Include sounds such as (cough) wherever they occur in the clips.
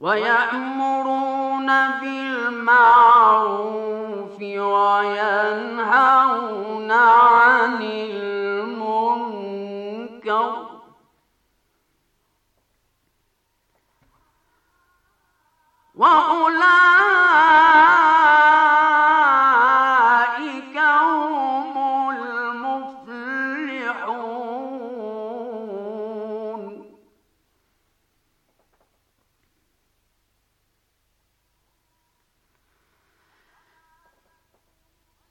ويأمرون بالمعروف وينهون عن المنكر وأولئك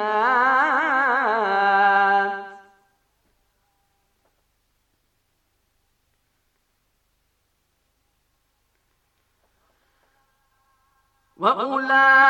الجنات وأولئك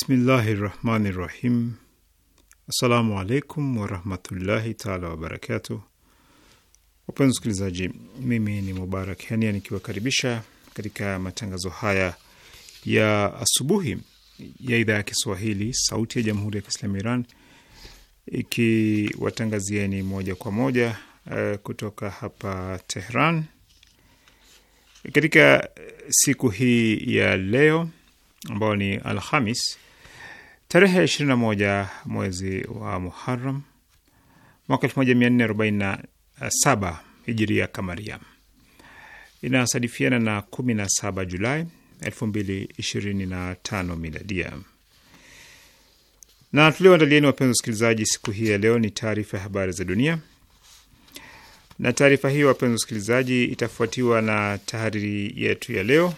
Bismillahi rahmani rahim. Assalamu alaikum warahmatullahi taala wabarakatuh. Wapenzi msikilizaji mimi ni Mubarak Henia nikiwakaribisha katika matangazo haya ya asubuhi ya idhaa ya Kiswahili sauti ya jamhuri ya Kiislamu Iran ikiwatangazieni moja kwa moja uh, kutoka hapa Tehran katika siku hii ya leo ambao ni Alhamis tarehe 21 mwezi wa muharam mwaka 1447 hijiria kamaria, inasadifiana na 17 Julai 2025 miladia. Na tulioandalieni wapenzi wasikilizaji, siku hii ya leo ni taarifa ya habari za dunia, na taarifa hiyo wapenzi wasikilizaji, itafuatiwa na tahariri yetu ya leo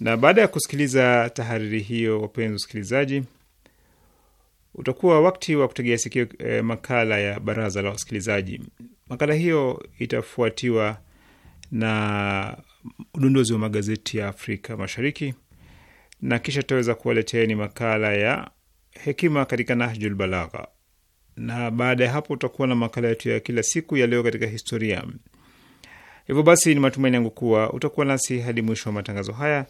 na baada ya kusikiliza tahariri hiyo, wapenzi wasikilizaji, utakuwa wakati wa kutegea sikio e, makala ya baraza la wasikilizaji. Makala hiyo itafuatiwa na udondozi wa magazeti ya Afrika Mashariki na kisha tutaweza kuwaleteeni makala ya hekima katika Nahjul Balagha, na baada ya hapo utakuwa na makala yetu ya kila siku ya leo katika historia. Hivyo basi, ni matumaini yangu kuwa utakuwa nasi hadi mwisho wa matangazo haya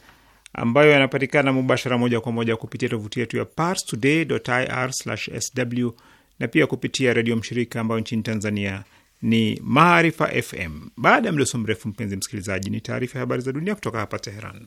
ambayo yanapatikana mubashara moja kwa moja kupitia tovuti yetu ya parstoday.ir/sw na pia kupitia redio mshirika ambayo nchini Tanzania ni Maarifa FM. Baada ya mdoso mrefu, mpenzi msikilizaji, ni taarifa ya habari za dunia kutoka hapa Teheran.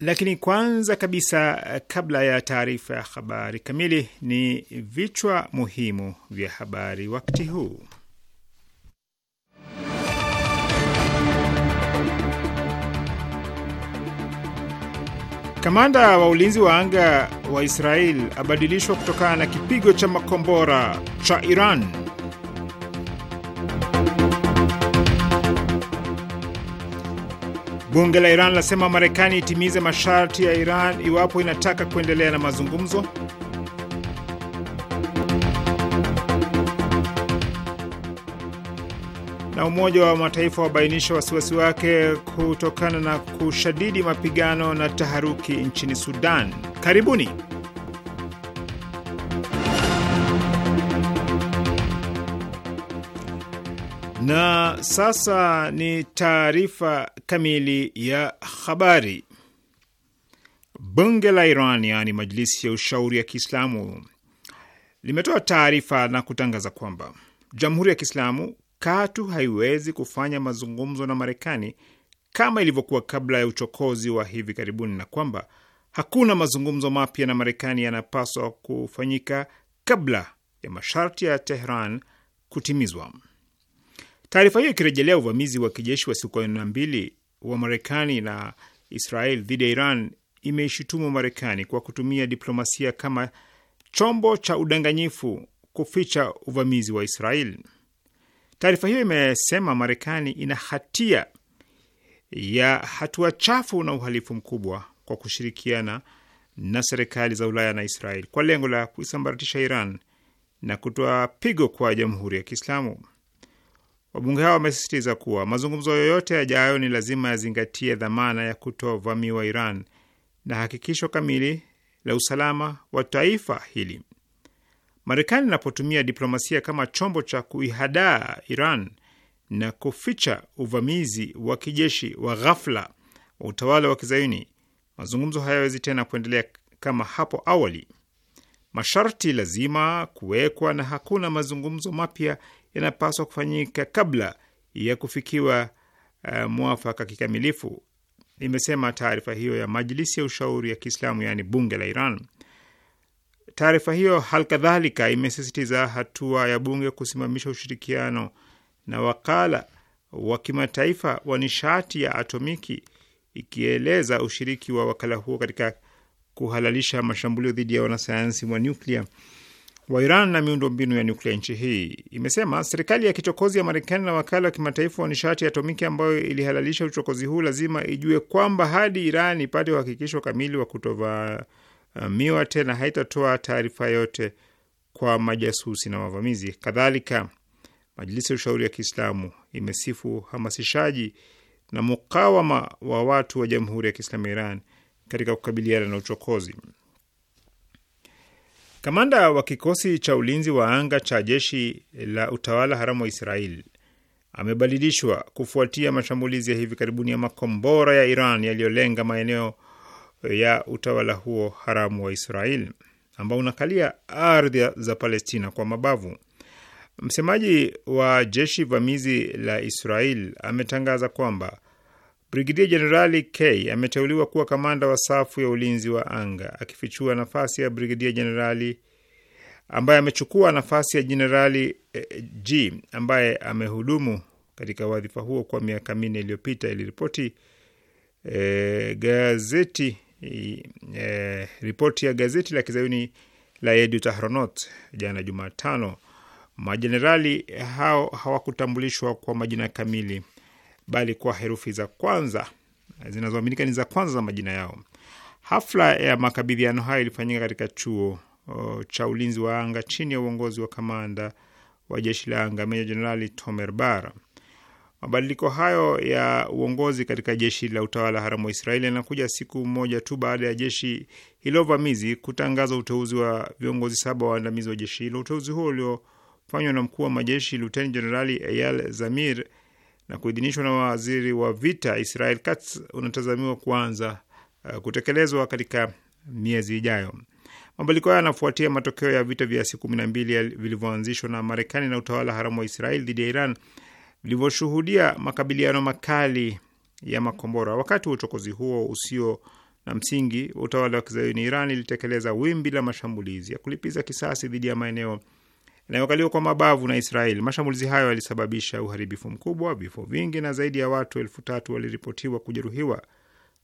Lakini kwanza kabisa, kabla ya taarifa ya habari kamili, ni vichwa muhimu vya habari wakati huu. Kamanda wa ulinzi wa anga wa Israel abadilishwa kutokana na kipigo cha makombora cha Iran. Bunge la Iran lasema Marekani itimize masharti ya Iran iwapo inataka kuendelea na mazungumzo. Na Umoja wa Mataifa wabainisha wasiwasi wake kutokana na kushadidi mapigano na taharuki nchini Sudan. Karibuni. Na sasa ni taarifa kamili ya habari. Bunge la Iran, yaani Majlisi ya Ushauri ya Kiislamu, limetoa taarifa na kutangaza kwamba Jamhuri ya Kiislamu katu haiwezi kufanya mazungumzo na Marekani kama ilivyokuwa kabla ya uchokozi wa hivi karibuni, na kwamba hakuna mazungumzo mapya na Marekani yanapaswa kufanyika kabla ya masharti ya Tehran kutimizwa. Taarifa hiyo ikirejelea uvamizi wa kijeshi wa siku mbili wa Marekani na Israel dhidi ya Iran imeishutumu Marekani kwa kutumia diplomasia kama chombo cha udanganyifu kuficha uvamizi wa Israel. Taarifa hiyo imesema Marekani ina hatia ya hatua chafu na uhalifu mkubwa kwa kushirikiana na serikali za Ulaya na Israel kwa lengo la kuisambaratisha Iran na kutoa pigo kwa Jamhuri ya Kiislamu. Wabunge hao wamesisitiza kuwa mazungumzo yoyote yajayo ni lazima yazingatie dhamana ya kutovamiwa Iran na hakikisho kamili la usalama wa taifa hili. Marekani inapotumia diplomasia kama chombo cha kuihadaa Iran na kuficha uvamizi wa kijeshi wa ghafla wa utawala wa kizayuni, mazungumzo hayawezi tena kuendelea kama hapo awali. Masharti lazima kuwekwa na hakuna mazungumzo mapya yanapaswa kufanyika kabla ya kufikiwa uh, mwafaka kikamilifu, imesema taarifa hiyo ya Majlisi ya Ushauri ya Kiislamu, yaani bunge la Iran. Taarifa hiyo kadhalika imesisitiza hatua ya bunge kusimamisha ushirikiano na wakala wa kimataifa wa nishati ya atomiki, ikieleza ushiriki wa wakala huo katika kuhalalisha mashambulio dhidi ya wanasayansi wa nyuklia wa Iran na miundo mbinu ya nyuklia nchi hii. Imesema serikali ya kichokozi ya Marekani na wakala wa kimataifa wa nishati ya atomiki ambayo ilihalalisha uchokozi huu lazima ijue kwamba hadi Iran ipate uhakikisho kamili wa kutovamiwa tena haitatoa taarifa yote kwa majasusi na wavamizi. Kadhalika, Majlisi ya Ushauri ya Kiislamu imesifu uhamasishaji na mukawama wa watu wa Jamhuri ya Kiislamu ya Iran katika kukabiliana na uchokozi. Kamanda wa kikosi cha ulinzi wa anga cha jeshi la utawala haramu wa Israel amebadilishwa kufuatia mashambulizi ya hivi karibuni ya makombora ya Iran yaliyolenga maeneo ya utawala huo haramu wa Israel ambao unakalia ardhi za Palestina kwa mabavu. Msemaji wa jeshi vamizi la Israel ametangaza kwamba Brigedia Jenerali K ameteuliwa kuwa kamanda wa safu ya ulinzi wa anga, akifichua nafasi ya Brigedia Jenerali ambaye amechukua nafasi ya Jenerali eh, G ambaye amehudumu katika wadhifa huo kwa miaka minne iliyopita, iliripoti e, gazeti e, ripoti ya gazeti la kizayuni la Yedu Tahronot jana Jumatano. Majenerali hao hawakutambulishwa kwa majina kamili bali kwa herufi za kwanza zinazoaminika ni za kwanza za majina yao. Hafla ya makabidhiano hayo ilifanyika katika chuo cha ulinzi wa anga chini ya uongozi wa kamanda wa jeshi la anga meja jenerali Tomer Bar. Mabadiliko hayo ya uongozi katika jeshi la utawala haramu wa Israeli yanakuja siku moja tu baada ya jeshi hilo vamizi kutangaza uteuzi wa viongozi saba waandamizi wa jeshi hilo. Uteuzi huo uliofanywa na mkuu wa majeshi luteni jenerali Eyal Zamir na kuidhinishwa na waziri wa vita Israel Katz unatazamiwa kuanza uh, kutekelezwa katika miezi ijayo. Mabadiliko hayo yanafuatia matokeo ya vita vya siku kumi na mbili vilivyoanzishwa na Marekani na utawala haramu wa Israel dhidi ya Iran vilivyoshuhudia makabiliano makali ya makombora. Wakati wa uchokozi huo usio na msingi, utawala wa kizayuni Iran ilitekeleza wimbi la mashambulizi ya kulipiza kisasi dhidi ya maeneo inayokaliwa kwa mabavu na Israeli. Mashambulizi hayo yalisababisha uharibifu mkubwa, vifo vingi, na zaidi ya watu elfu tatu waliripotiwa kujeruhiwa,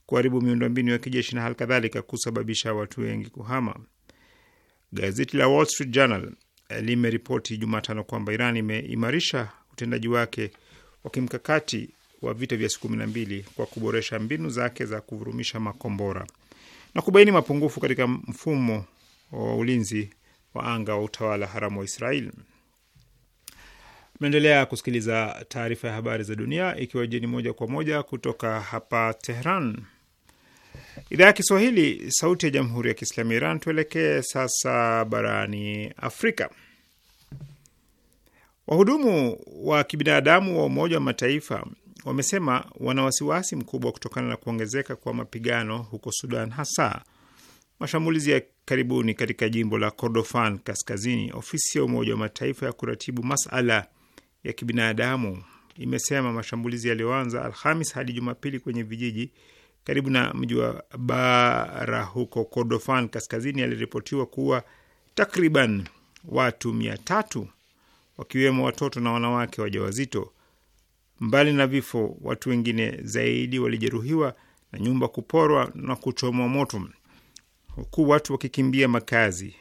kuharibu miundombinu ya kijeshi na hali kadhalika kusababisha watu wengi kuhama. Gazeti la Wall Street Journal eh, limeripoti Jumatano kwamba Iran imeimarisha utendaji wake wa kimkakati wa vita vya siku kumi na mbili kwa kuboresha mbinu zake za kuvurumisha makombora na kubaini mapungufu katika mfumo wa ulinzi wa anga wa utawala haramu wa Israeli. Naendelea kusikiliza taarifa ya habari za dunia, ikiwa jeni moja kwa moja kutoka hapa Tehran, idhaa ya Kiswahili, sauti ya jamhuri ya kiislamu ya Iran. Tuelekee sasa barani Afrika. Wahudumu wa kibinadamu wa Umoja wa Mataifa wamesema wana wasiwasi mkubwa kutokana na kuongezeka kwa mapigano huko Sudan, hasa Mashambulizi ya karibuni katika jimbo la Kordofan Kaskazini, ofisi ya Umoja wa Mataifa ya kuratibu masala ya kibinadamu imesema mashambulizi yaliyoanza Alhamis hadi Jumapili kwenye vijiji karibu na mji wa Bara huko Kordofan Kaskazini yaliripotiwa kuwa takriban watu mia tatu wakiwemo watoto na wanawake wajawazito. Mbali na vifo, watu wengine zaidi walijeruhiwa na nyumba kuporwa na kuchomwa moto huku watu wakikimbia makazi.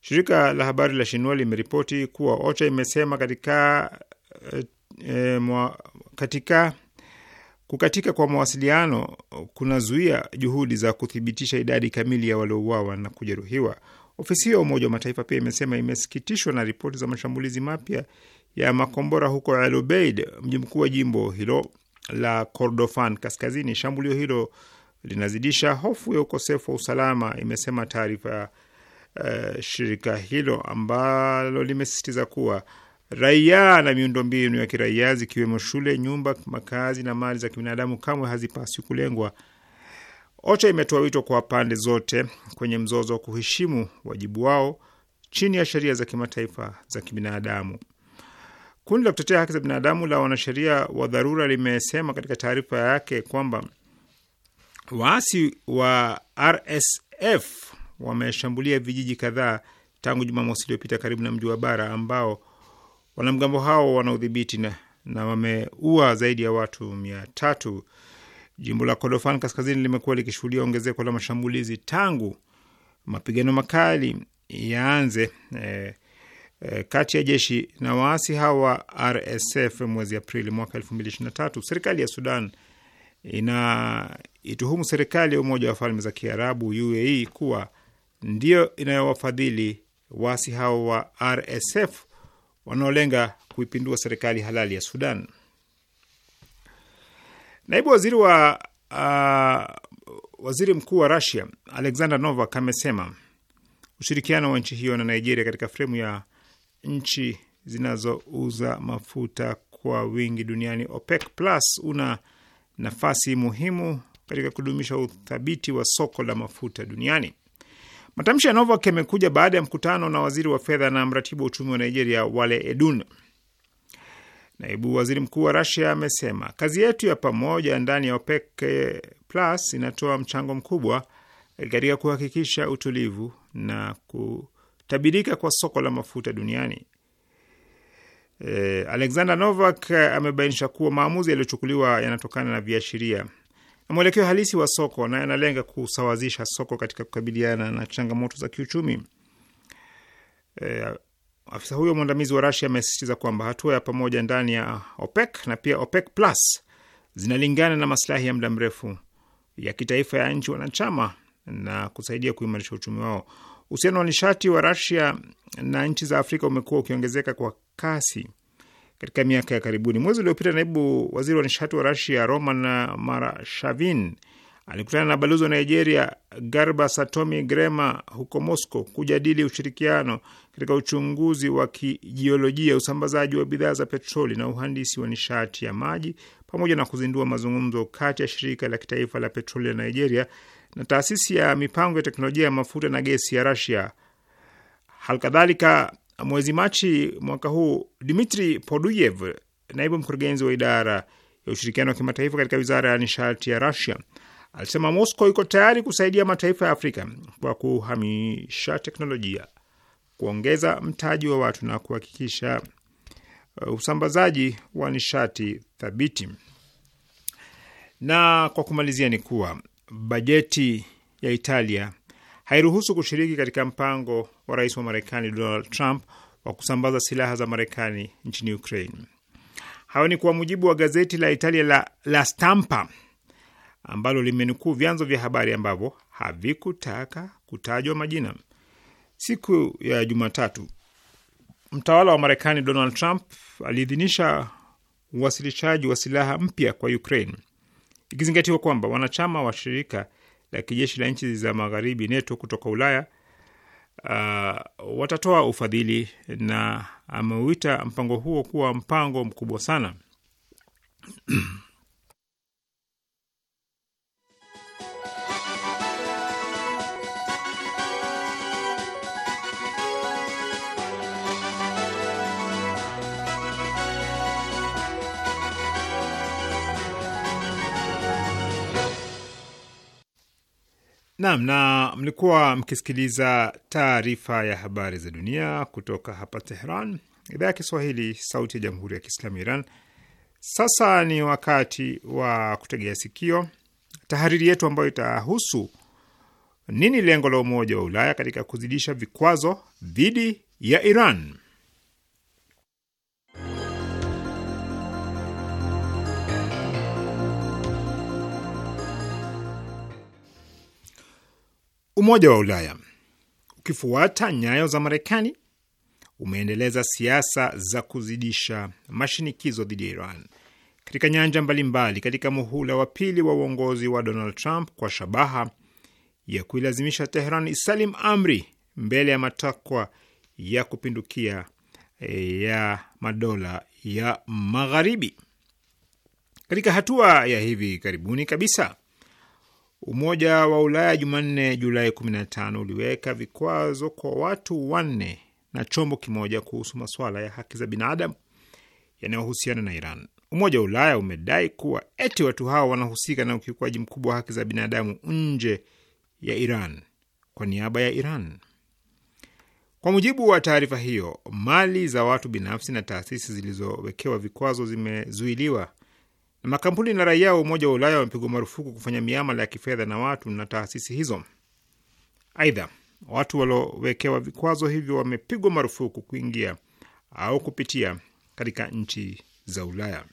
Shirika la habari la Shinua limeripoti kuwa OCHA imesema katika, e, mwa, katika kukatika kwa mawasiliano kunazuia juhudi za kuthibitisha idadi kamili ya waliouawa na kujeruhiwa. Ofisi hiyo ya Umoja wa Mataifa pia imesema imesikitishwa na ripoti za mashambulizi mapya ya makombora huko Alubeid, mji mkuu wa jimbo hilo la Kordofan Kaskazini. Shambulio hilo linazidisha hofu ya ukosefu wa usalama, imesema taarifa ya uh, shirika hilo ambalo limesisitiza kuwa raia na miundombinu ya kiraia zikiwemo shule, nyumba, makazi na mali za kibinadamu kamwe hazipaswi kulengwa. OCHA imetoa wito kwa pande zote kwenye mzozo wa kuheshimu wajibu wao chini ya sheria za kimataifa za kibinadamu. Kundi la kutetea haki za binadamu la wanasheria wa dharura limesema katika taarifa yake kwamba Waasi wa RSF wameshambulia vijiji kadhaa tangu Jumamosi iliyopita karibu na mji wa Bara ambao wanamgambo hao wanaudhibiti na, na wameua zaidi ya watu mia tatu. Jimbo la Kordofan kaskazini limekuwa likishuhudia ongezeko la mashambulizi tangu mapigano makali yaanze eh, eh, kati ya jeshi na waasi hawa RSF mwezi Aprili mwaka tatu. Serikali ya Sudan ina ituhumu serikali ya Umoja wa Falme za Kiarabu UAE kuwa ndiyo inayowafadhili waasi hao wa RSF wanaolenga kuipindua serikali halali ya Sudan. Naibu waziri wa uh, waziri mkuu wa Russia Alexander Novak amesema ushirikiano wa nchi hiyo na Nigeria katika fremu ya nchi zinazouza mafuta kwa wingi duniani OPEC Plus una nafasi muhimu katika kudumisha uthabiti wa soko la mafuta duniani. Matamshi ya Novak yamekuja baada ya mkutano na waziri wa fedha na mratibu wa uchumi wa Nigeria Wale Edun. Naibu waziri mkuu wa Rasia amesema kazi yetu ya pamoja ndani ya OPEC Plus inatoa mchango mkubwa katika kuhakikisha utulivu na kutabirika kwa soko la mafuta duniani. E, Alexander Novak amebainisha kuwa maamuzi yaliyochukuliwa yanatokana na viashiria mwelekeo halisi wa soko na yanalenga kusawazisha soko katika kukabiliana na changamoto za kiuchumi. E, afisa huyo mwandamizi wa Rasia amesisitiza kwamba hatua ya pamoja ndani ya OPEC na pia OPEC plus zinalingana na masilahi ya muda mrefu ya kitaifa ya nchi wanachama na kusaidia kuimarisha uchumi wao. Uhusiano wa nishati wa Rasia na nchi za Afrika umekuwa ukiongezeka kwa kasi katika miaka ya karibuni. Mwezi uliopita, naibu waziri wa nishati wa Rasia Roman Marashavin alikutana na balozi wa Nigeria Garba Satomi Grema huko Moscow kujadili ushirikiano katika uchunguzi wa kijiolojia, usambazaji wa bidhaa za petroli na uhandisi wa nishati ya maji, pamoja na kuzindua mazungumzo kati ya shirika la kitaifa la petroli la Nigeria na taasisi ya mipango ya teknolojia ya mafuta na gesi ya Rasia. Halikadhalika, mwezi Machi mwaka huu, Dmitri Poduyev, naibu mkurugenzi wa idara ya ushirikiano wa kimataifa katika wizara ya nishati ya Rusia, alisema Moscow iko tayari kusaidia mataifa ya Afrika kwa kuhamisha teknolojia, kuongeza mtaji wa watu na kuhakikisha uh, usambazaji wa nishati thabiti. Na kwa kumalizia ni kuwa bajeti ya Italia hairuhusu kushiriki katika mpango wa rais wa Marekani Donald Trump wa kusambaza silaha za Marekani nchini Ukraine. Hayo ni kwa mujibu wa gazeti la Italia la, la Stampa ambalo limenukuu vyanzo vya habari ambavyo havikutaka kutajwa majina. Siku ya Jumatatu, mtawala wa Marekani Donald Trump aliidhinisha uwasilishaji wa silaha mpya kwa Ukraine, ikizingatiwa kwamba wanachama wa shirika la kijeshi la nchi za magharibi NETO kutoka Ulaya uh, watatoa ufadhili na ameuita mpango huo kuwa mpango mkubwa sana (clears throat) Naam, na mlikuwa mkisikiliza taarifa ya habari za dunia kutoka hapa Tehran, idhaa ya Kiswahili, sauti ya jamhuri ya kiislamu Iran. Sasa ni wakati wa kutegea sikio tahariri yetu ambayo itahusu nini lengo la Umoja wa Ulaya katika kuzidisha vikwazo dhidi ya Iran. Umoja wa Ulaya ukifuata nyayo za Marekani umeendeleza siasa za kuzidisha mashinikizo dhidi ya Iran katika nyanja mbalimbali mbali, katika muhula wa pili wa uongozi wa Donald Trump kwa shabaha ya kuilazimisha Tehran isalim amri mbele ya matakwa ya kupindukia e, ya madola ya Magharibi. Katika hatua ya hivi karibuni kabisa Umoja wa Ulaya Jumanne, Julai 15 uliweka vikwazo kwa watu wanne na chombo kimoja kuhusu masuala ya haki za binadamu yanayohusiana na Iran. Umoja wa Ulaya umedai kuwa eti watu hao wanahusika na ukiukwaji mkubwa wa haki za binadamu nje ya Iran kwa niaba ya Iran. Kwa mujibu wa taarifa hiyo, mali za watu binafsi na taasisi zilizowekewa vikwazo zimezuiliwa Makampuni na raia wa Umoja wa Ulaya wamepigwa marufuku kufanya miamala ya kifedha na watu na taasisi hizo. Aidha, watu waliowekewa vikwazo hivyo wamepigwa marufuku kuingia au kupitia katika nchi za Ulaya.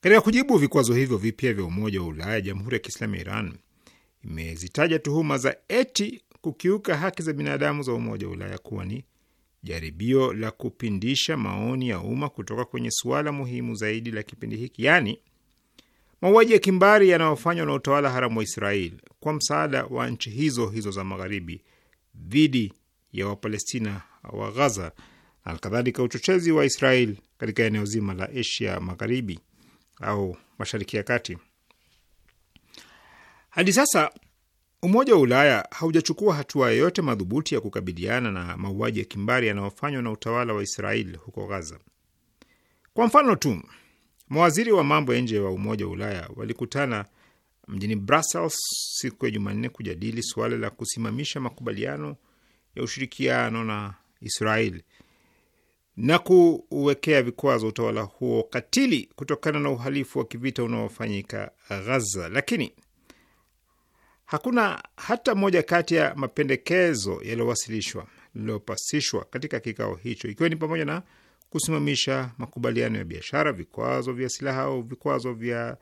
Katika kujibu vikwazo hivyo vipya vya Umoja wa Ulaya, Jamhuri ya Kiislamu ya Iran imezitaja tuhuma za eti kukiuka haki za binadamu za Umoja wa Ulaya kuwa ni jaribio la kupindisha maoni ya umma kutoka kwenye suala muhimu zaidi la kipindi hiki, yaani mauaji ya kimbari yanayofanywa na utawala haramu wa israel kwa msaada wa nchi hizo hizo za magharibi dhidi ya Wapalestina wa Gaza na alkadhalika uchochezi wa israel katika eneo zima la Asia Magharibi au Mashariki ya Kati. Hadi sasa Umoja wa Ulaya haujachukua hatua yoyote madhubuti ya kukabiliana na mauaji ya kimbari yanayofanywa na utawala wa Israel huko Gaza. Kwa mfano tu, mawaziri wa mambo ya nje wa Umoja wa Ulaya walikutana mjini Brussels siku ya Jumanne kujadili suala la kusimamisha makubaliano ya ushirikiano na Israel na kuwekea vikwazo utawala huo katili kutokana na uhalifu wa kivita unaofanyika Gaza, lakini Hakuna hata moja kati ya mapendekezo yaliyowasilishwa lililopasishwa katika kikao hicho, ikiwa ni pamoja na kusimamisha makubaliano ya biashara, vikwazo vya silaha au vikwazo vya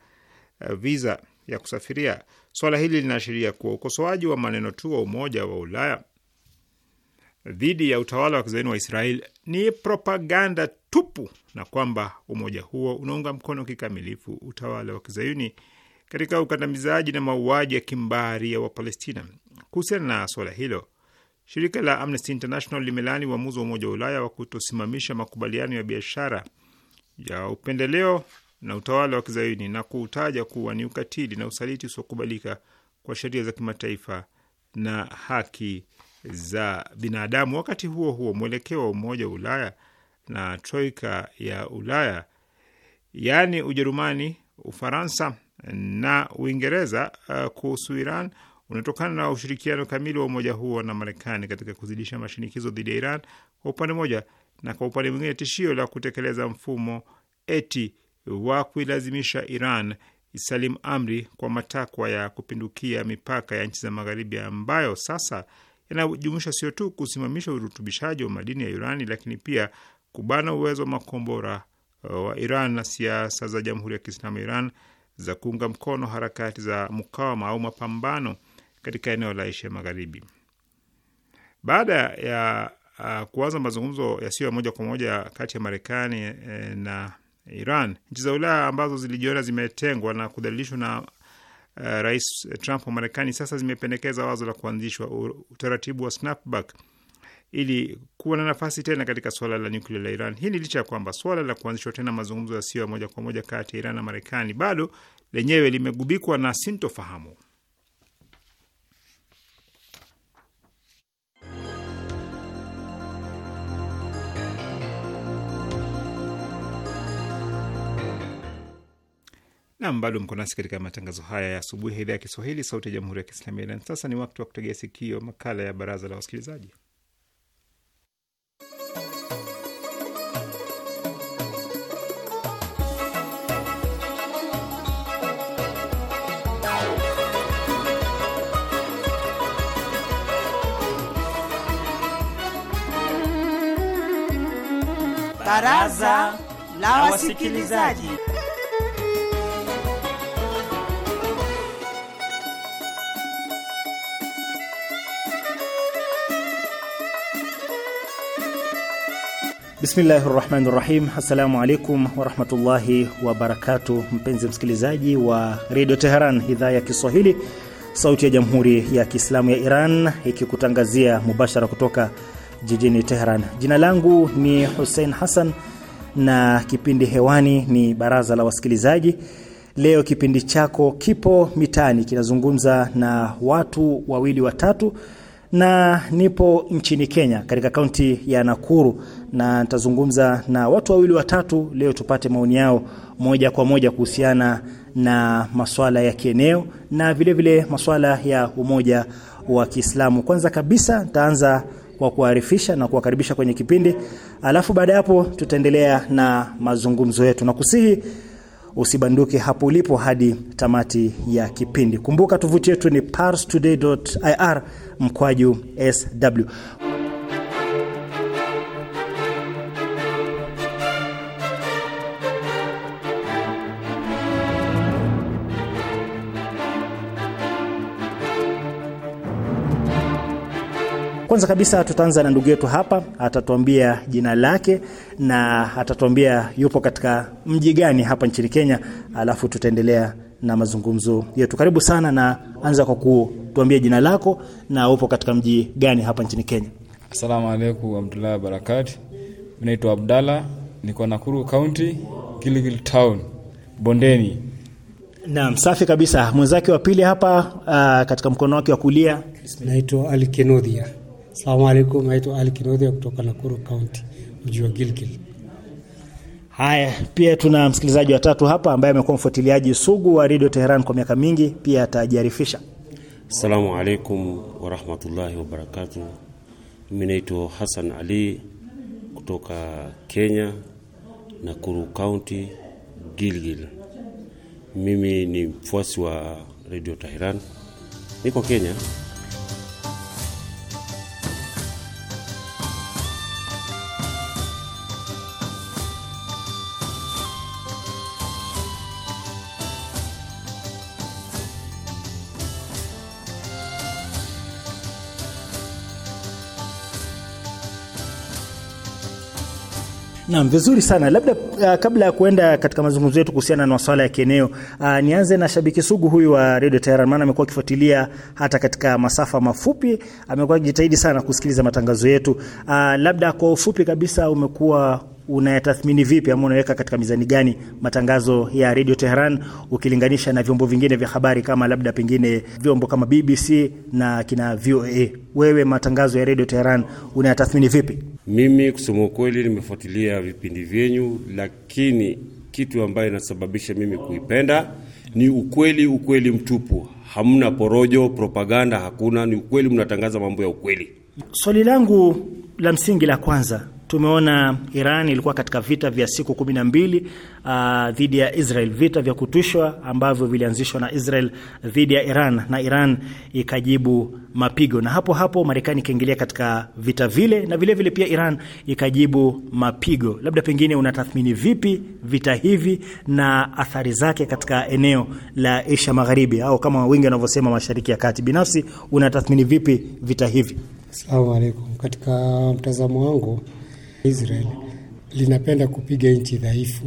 eh, viza ya kusafiria. Swala hili linaashiria kuwa ukosoaji wa maneno tu wa Umoja wa Ulaya dhidi ya utawala wa kizayuni wa Israel ni propaganda tupu na kwamba umoja huo unaunga mkono kikamilifu utawala wa kizayuni katika ukandamizaji na mauaji ya kimbari ya Wapalestina. Kuhusiana na suala hilo, shirika la Amnesty International limelaani uamuzi wa Umoja wa Ulaya wa kutosimamisha makubaliano ya biashara ya upendeleo na utawala wa kizayuni na kuutaja kuwa ni ukatili na usaliti usiokubalika kwa sheria za kimataifa na haki za binadamu. Wakati huo huo, mwelekeo wa Umoja wa Ulaya na troika ya Ulaya yaani Ujerumani, Ufaransa, na Uingereza uh, kuhusu Iran unatokana na ushirikiano kamili wa umoja huo na Marekani katika kuzidisha mashinikizo dhidi ya Iran kwa upande mmoja, na kwa upande mwingine tishio la kutekeleza mfumo eti wa kuilazimisha Iran isalim amri kwa matakwa ya kupindukia mipaka ya nchi za Magharibi ambayo sasa yanajumuisha sio tu kusimamisha urutubishaji wa madini ya urani, lakini pia kubana uwezo wa makombora uh, wa Iran na siasa za Jamhuri ya Kiislamu ya Iran za kuunga mkono harakati za mukawama au mapambano katika eneo la Asia Magharibi. Baada ya uh, kuanza mazungumzo yasiyo ya moja kwa moja kati ya Marekani eh, na Iran, nchi za Ulaya ambazo zilijiona zimetengwa na kudhalilishwa na uh, Rais Trump wa Marekani sasa zimependekeza wazo la kuanzishwa utaratibu wa snapback ili kuwa na nafasi tena katika suala la nyuklia la Iran. Hii ni licha ya kwamba suala la kuanzishwa tena mazungumzo yasiyo ya moja kwa moja kati ya Iran na Marekani bado lenyewe limegubikwa na sintofahamu. Nam, bado mko nasi katika matangazo haya ya asubuhi ya idhaa ya Kiswahili, Sauti ya Jamhuri ya Kiislamu ya Iran. Sasa ni wakati wa kutegea sikio makala ya Baraza la Wasikilizaji. Baraza la Wasikilizaji. Bismillahi rahmani rahim. Assalamu alaikum warahmatullahi wabarakatuh. Mpenzi msikilizaji wa redio Teheran, idhaa ya Kiswahili, sauti ya jamhuri ya Kiislamu ya Iran, ikikutangazia mubashara kutoka jijini Teheran. Jina langu ni Hussein Hassan na kipindi hewani ni Baraza la Wasikilizaji. Leo kipindi chako kipo mitaani, kinazungumza na watu wawili watatu, na nipo nchini Kenya katika kaunti ya Nakuru, na nitazungumza na watu wawili watatu leo tupate maoni yao moja kwa moja kuhusiana na maswala ya kieneo na vilevile vile maswala ya umoja wa Kiislamu. Kwanza kabisa nitaanza kwa kuarifisha na kuwakaribisha kwenye kipindi, alafu baada ya hapo tutaendelea na mazungumzo yetu, na kusihi usibanduke hapo ulipo hadi tamati ya kipindi. Kumbuka tovuti yetu ni parstoday.ir mkwaju sw. Kwanza kabisa tutaanza na ndugu yetu hapa, atatuambia jina lake na atatuambia yupo katika mji gani hapa nchini Kenya, alafu tutaendelea na mazungumzo yetu. Karibu sana, na anza kwa kutuambia jina lako na upo katika mji gani hapa nchini Kenya. Asalamu alaykum warahmatullahi wabarakatuh. naitwa Abdalla, niko Nakuru County, Gilgil Town, Bondeni. Naam, safi kabisa. Mwenzake wa pili hapa, uh, katika mkono wake wa kulia naitwa Ali Salamu alaikum, naitwa Ali Kinodhia kutoka Nakuru County, mji wa Gilgil. Haya, pia tuna msikilizaji wa tatu hapa ambaye amekuwa mfuatiliaji sugu wa Radio Teheran kwa miaka mingi, pia atajiarifisha. Assalamu alaikum warahmatullahi wabarakatuh. Mimi naitwa Hassan Ali kutoka Kenya, Nakuru County, Gilgil. Mimi ni mfuasi wa Radio Teheran, niko Kenya. Naam, vizuri sana. Labda uh, kabla ya kuenda katika mazungumzo yetu kuhusiana na masuala ya kieneo uh, nianze na shabiki sugu huyu wa Radio Tehran, maana amekuwa akifuatilia hata katika masafa mafupi, amekuwa akijitahidi sana kusikiliza matangazo yetu. Uh, labda kwa ufupi kabisa umekuwa unayatathmini vipi ama unaweka katika mizani gani matangazo ya Radio Tehran ukilinganisha na vyombo vingine vya habari kama labda pengine vyombo kama BBC na kina VOA? Wewe matangazo ya Radio Tehran unayatathmini vipi? Mimi kusema ukweli nimefuatilia vipindi vyenyu, lakini kitu ambayo inasababisha mimi kuipenda ni ukweli, ukweli mtupu. Hamna porojo, propaganda hakuna, ni ukweli. Mnatangaza mambo ya ukweli. Swali langu la msingi la kwanza Tumeona Iran ilikuwa katika vita vya siku 12 mbili uh, dhidi ya Israel, vita vya kutushwa ambavyo vilianzishwa na Israel dhidi ya Iran na Iran ikajibu mapigo, na hapo hapo Marekani ikaingilia katika vita vile, na vile vile pia Iran ikajibu mapigo. Labda pengine unatathmini vipi vita hivi na athari zake katika eneo la Asia Magharibi au kama wengi wanavyosema Mashariki ya Kati? Binafsi unatathmini vipi vita hivi? Asalamu alaykum. Katika mtazamo wangu Israel linapenda kupiga nchi dhaifu,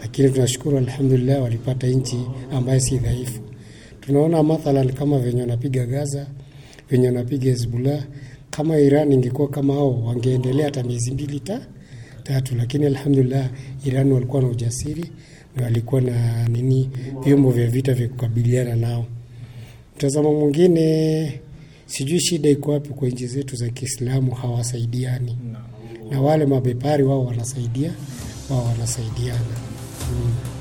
lakini tunashukuru alhamdulillah, walipata nchi ambayo si dhaifu. Tunaona mathalan kama venye wanapiga Gaza, venye wanapiga Hezbollah. Kama Iran ingekuwa kama hao, wangeendelea hata miezi mbili ta tatu, lakini alhamdulillah, Iran walikuwa na ujasiri na walikuwa na nini, vyombo vya vita vya kukabiliana nao. Mtazamo mwingine, sijui shida iko wapi kwa nchi zetu za Kiislamu, hawasaidiani no na wale mabepari wao wanasaidia wao wanasaidiana mm.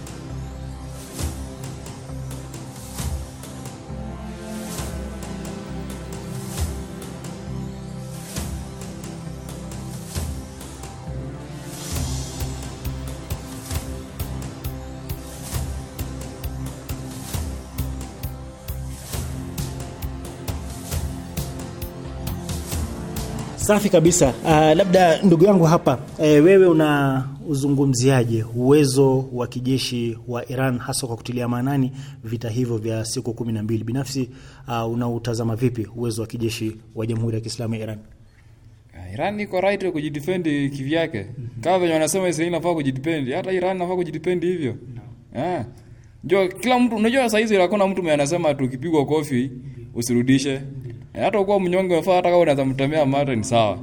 Safi kabisa. Uh, labda ndugu yangu hapa e, wewe una uzungumziaje uwezo wa kijeshi wa Iran hasa kwa kutilia maanani vita hivyo vya siku kumi na mbili? Binafsi uh, unautazama vipi uwezo wa kijeshi wa Jamhuri ya Kiislamu ya Iran? Ah, Iran iko right kujidefend kivyake. mm -hmm. Kama venye wanasema Israeli inafaa kujidefend, hata Iran inafaa kujidefend hivyo. No. Yeah. Jo, kila mtu unajua saa hizi hakuna mtu mwenye anasema tukipigwa kofi mm -hmm usirudishe eh, hata ukuwa mnyonge wafaa hata kama unaweza mtemea mate ni sawa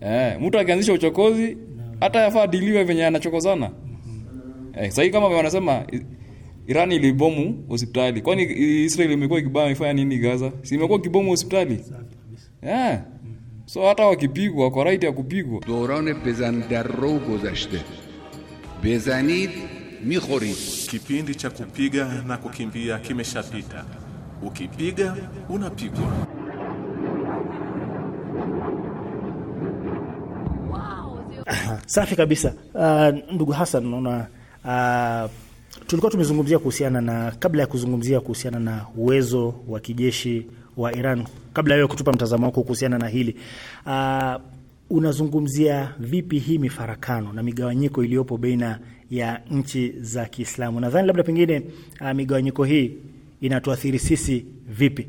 eh, mtu akianzisha uchokozi hata yafaa diliwe venye anachokozana eh, sasa kama wanasema Iran ilibomu hospitali. Kwani Israel imekuwa kibaya ifanya nini Gaza? Si imekuwa kibomu hospitali? eh So hata wakipigwa kwa right ya kupigwa. Doran pezan darro gozashte. Bezanid mikhorib. Kipindi cha kupiga na kukimbia kimeshapita. Ukipiga unapigwa. Safi kabisa. Uh, ndugu Hassan, naona uh, tulikuwa tumezungumzia kuhusiana na, kabla ya kuzungumzia kuhusiana na uwezo wa kijeshi wa Iran, kabla ya kutupa mtazamo wako kuhusiana na hili uh, unazungumzia vipi hii mifarakano na migawanyiko iliyopo baina ya nchi za Kiislamu? Nadhani labda pengine uh, migawanyiko hii inatuathiri sisi vipi?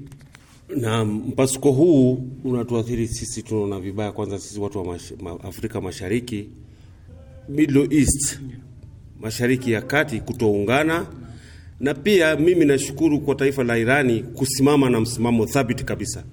Na mpasuko huu unatuathiri sisi, tunaona vibaya. Kwanza sisi watu wa mash, ma, Afrika Mashariki, Middle East, Mashariki ya Kati kutoungana, na pia mimi nashukuru kwa taifa la Irani kusimama na msimamo thabiti kabisa,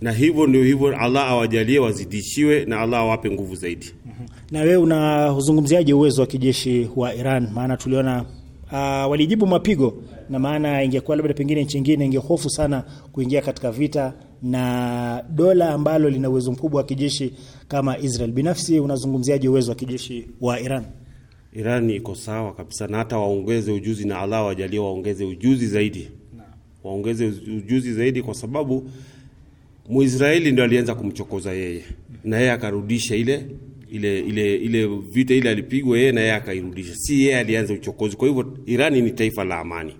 na hivyo ndio hivyo. Allah awajalie wazidishiwe, na Allah awape nguvu zaidi. Mm-hmm. Na wewe unazungumziaje uwezo wa kijeshi wa Iran? Maana tuliona uh, walijibu mapigo na maana ingekuwa labda pengine nchi ingine ingehofu sana kuingia katika vita na dola ambalo lina uwezo mkubwa wa kijeshi kama Israel. Binafsi unazungumziaje uwezo wa kijeshi wa Iran? Iran iko sawa kabisa, na hata waongeze ujuzi, na Allah wajalie waongeze ujuzi zaidi na, waongeze ujuzi zaidi, kwa sababu Muisraeli ndio alianza kumchokoza yeye na yeye akarudisha ile ile ile ile vita ile alipigwa yeye na yeye akairudisha, si yeye alianza uchokozi. Kwa hivyo Irani ni taifa la amani.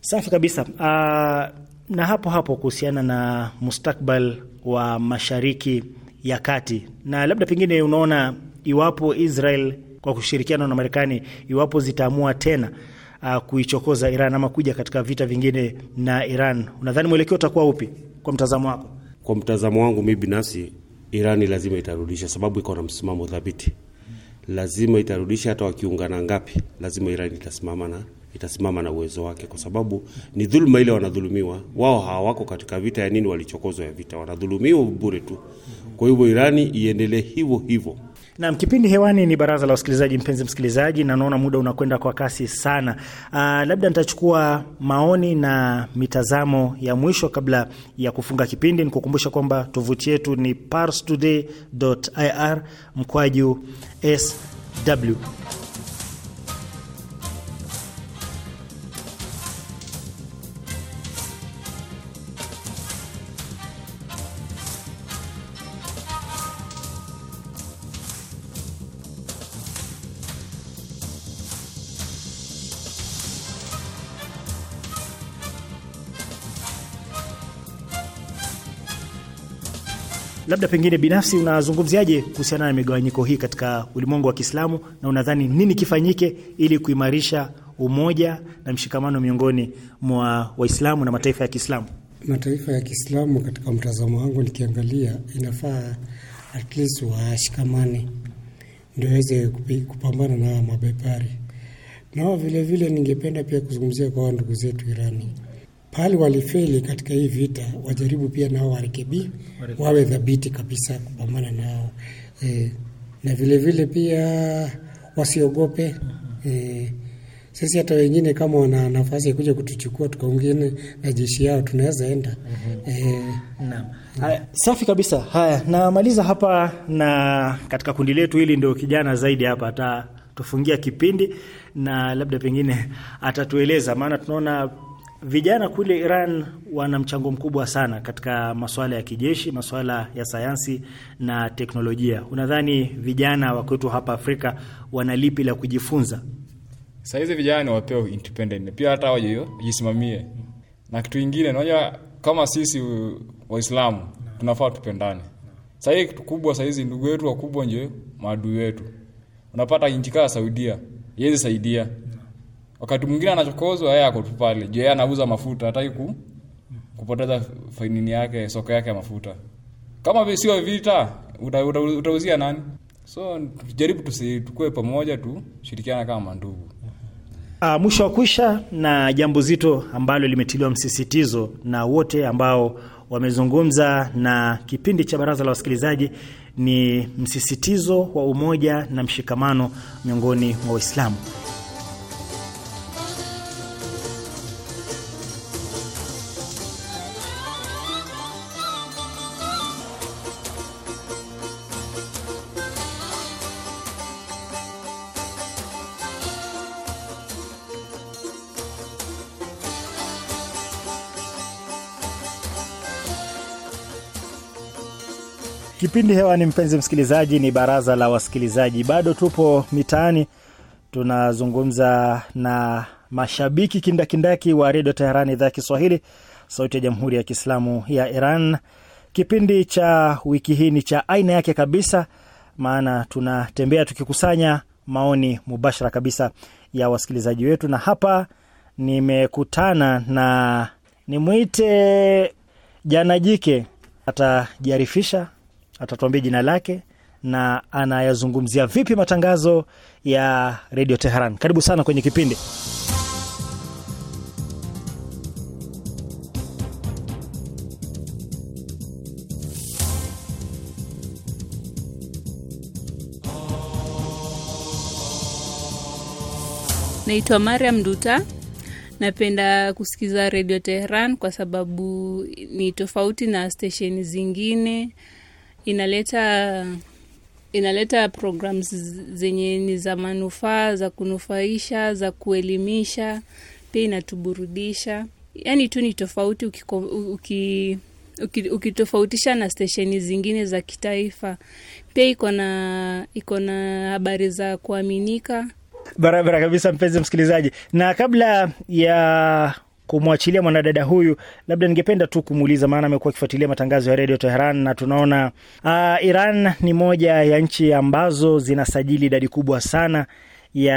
Safi kabisa. Uh, na hapo hapo kuhusiana na mustakbal wa Mashariki ya Kati, na labda pengine unaona iwapo Israel kwa kushirikiana na Marekani iwapo zitaamua tena uh, kuichokoza Iran ama kuja katika vita vingine na Iran, unadhani mwelekeo utakuwa upi kwa mtazamo wako? Kwa mtazamo wangu mi binafsi, Irani lazima itarudisha, sababu iko na msimamo thabiti. Lazima itarudisha, hata wakiungana ngapi, lazima Irani itasimama na itasimama na uwezo wake, kwa sababu ni dhuluma ile wanadhulumiwa wao. Hawako katika vita ya nini, walichokozwa ya vita, wanadhulumiwa bure tu. Kwa hivyo Irani iendelee hivyo hivyo. Nam kipindi hewani ni baraza la wasikilizaji. Mpenzi msikilizaji, na naona muda unakwenda kwa kasi sana. Aa, ah, labda nitachukua maoni na mitazamo ya mwisho kabla ya kufunga kipindi. Nikukumbusha kwamba tovuti yetu ni parstoday.ir mkwaju sw labda pengine binafsi unazungumziaje kuhusiana na migawanyiko hii katika ulimwengu wa Kiislamu na unadhani nini kifanyike ili kuimarisha umoja na mshikamano miongoni mwa Waislamu na mataifa ya Kiislamu? Mataifa ya Kiislamu katika mtazamo wangu nikiangalia, inafaa at least washikamane ndio weze kupambana na mabepari, na vilevile ningependa pia kuzungumzia kwa ndugu zetu Irani pale walifeli katika hii vita, wajaribu pia nao warekebi, wawe dhabiti kabisa kupambana nao e, na vilevile vile pia wasiogope e, sisi hata wengine kama wana nafasi ya kuja kutuchukua tukaungine na jeshi yao tunaweza enda. mm -hmm. safi kabisa. Haya, namaliza hapa na katika kundi letu hili ndio kijana zaidi hapa atatufungia kipindi na labda pengine atatueleza, maana tunaona Vijana kule Iran wana mchango mkubwa sana katika masuala ya kijeshi, masuala ya sayansi na teknolojia. Unadhani vijana wa kwetu hapa Afrika wana lipi la kujifunza? Sahizi vijana wapewe independent, pia hata wajisimamie. Na kitu ingine, unajua kama sisi Waislamu tunafaa tupendane. Sahii kitu kubwa sahizi, ndugu wetu wakubwa nje maadui wetu. Unapata nchi kaa Saudia yezi saidia wakati mwingine anachokozwa yeye ako tu pale juu yeye anauza mafuta hataki ku, kupoteza fainini yake soko yake ya mafuta kama sio vita uta, uta, utauzia nani so tujaribu tukuwe pamoja tu shirikiana kama mandugu Uh, mwisho wa kuisha na jambo zito ambalo limetiliwa msisitizo na wote ambao wamezungumza na kipindi cha Baraza la Wasikilizaji ni msisitizo wa umoja na mshikamano miongoni mwa Waislamu. Kipindi hewa ni mpenzi msikilizaji, ni baraza la wasikilizaji. Bado tupo mitaani, tunazungumza na mashabiki kindakindaki wa redio teheran idhaa ya Kiswahili, sauti ya jamhuri ya kiislamu ya Iran. Kipindi cha wiki hii ni cha aina yake kabisa, maana tunatembea tukikusanya maoni mubashara kabisa ya wasikilizaji wetu, na hapa nimekutana na nimwite jana jike, atajiarifisha atatuambia jina lake na anayazungumzia vipi matangazo ya redio Teheran. Karibu sana kwenye kipindi. Naitwa Mariam Duta. Napenda kusikiza redio Teheran kwa sababu ni tofauti na stesheni zingine inaleta inaleta programs zenye ni za manufaa za kunufaisha za kuelimisha pia inatuburudisha yaani tu ni tofauti ukiko, uki, uki, ukitofautisha na stesheni zingine za kitaifa pia iko na iko na habari za kuaminika barabara kabisa mpenzi msikilizaji na kabla ya kumwachilia mwanadada huyu, labda ningependa tu kumuuliza, maana amekuwa akifuatilia matangazo ya redio Teheran na tunaona uh, Iran ni moja ya nchi ambazo zinasajili idadi kubwa sana ya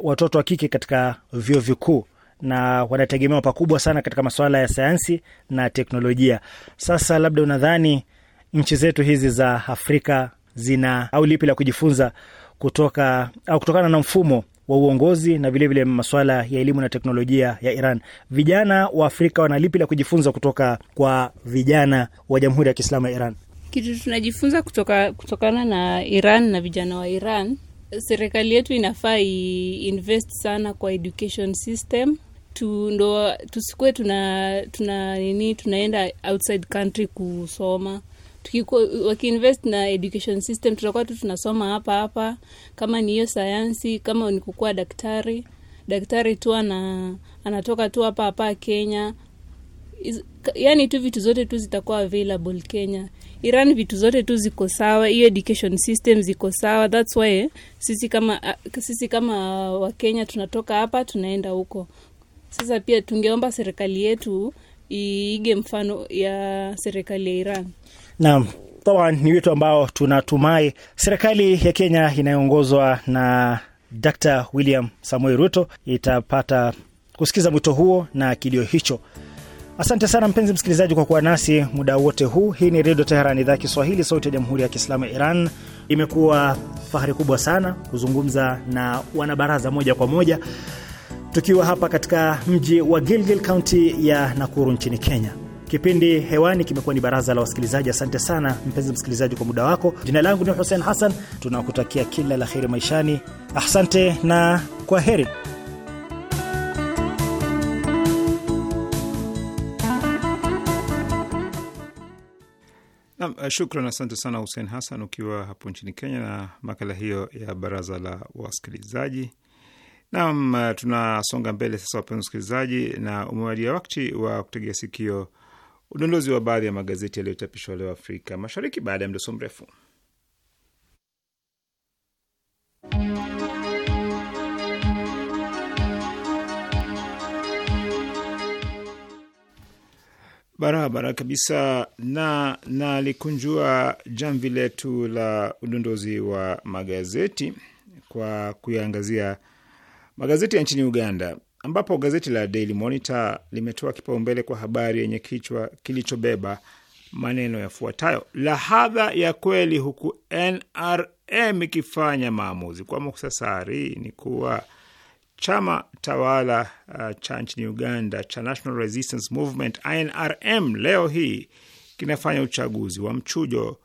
watoto wa kike katika vyuo vikuu na wanategemewa pakubwa sana katika masuala ya sayansi na teknolojia. Sasa labda unadhani nchi zetu hizi za Afrika zina au lipi la kujifunza kutoka au kutokana na mfumo wa uongozi na vilevile vile maswala ya elimu na teknolojia ya Iran. Vijana wa Afrika wana lipi la kujifunza kutoka kwa vijana wa Jamhuri ya Kiislamu ya Iran? Kitu tunajifunza kutoka, kutokana na Iran na vijana wa Iran, serikali yetu inafaa iinvest sana kwa education system tu, ndo tusikuwe tuna, tuna nini tunaenda outside country kusoma wakiinvest na education system tutakuwa tu tunasoma hapa hapa kama ni hiyo sayansi kama ni kukuwa daktari daktari tu ana anatoka tu hapa hapa kenya Is, yani tu vitu zote tu zitakuwa available kenya iran vitu zote tu ziko sawa hiyo education system ziko sawa thats why eh, sisi kama ah, sisi kama wakenya tunatoka hapa tunaenda huko sasa pia tungeomba serikali yetu iige mfano ya serikali ya iran Naam, taban ni wito ambao tunatumai serikali ya Kenya inayoongozwa na Dr. William Samuel Ruto itapata kusikiza mwito huo na kilio hicho. Asante sana mpenzi msikilizaji kwa kuwa nasi muda wote huu. Hii ni Redio Teheran, idhaa ya Kiswahili, sauti ya Jamhuri ya Kiislamu ya Iran. Imekuwa fahari kubwa sana kuzungumza na wanabaraza moja kwa moja tukiwa hapa katika mji wa Gilgil, kaunti ya Nakuru nchini Kenya. Kipindi hewani kimekuwa ni baraza la wasikilizaji. Asante sana mpenzi msikilizaji kwa muda wako. Jina langu ni Hussein Hassan, tunakutakia kila la heri maishani. Asante na kwa heri. Nam, shukran. Asante sana Hussein Hassan ukiwa hapo nchini Kenya na makala hiyo ya baraza la wasikilizaji. Nam, tunasonga mbele sasa, wapenzi wasikilizaji, na umewadia wakati wa kutegea sikio Udondozi wa baadhi ya magazeti yaliyochapishwa leo Afrika Mashariki baada ya mdoso mrefu. Barabara kabisa na nalikunjua jamvi letu la udondozi wa magazeti kwa kuyaangazia magazeti ya nchini Uganda ambapo gazeti la Daily Monitor limetoa kipaumbele kwa habari yenye kichwa kilichobeba maneno yafuatayo: lahadha ya kweli, huku NRM ikifanya maamuzi. Kwa muktasari ni kuwa chama tawala uh, cha nchini Uganda cha National Resistance Movement NRM leo hii kinafanya uchaguzi wa mchujo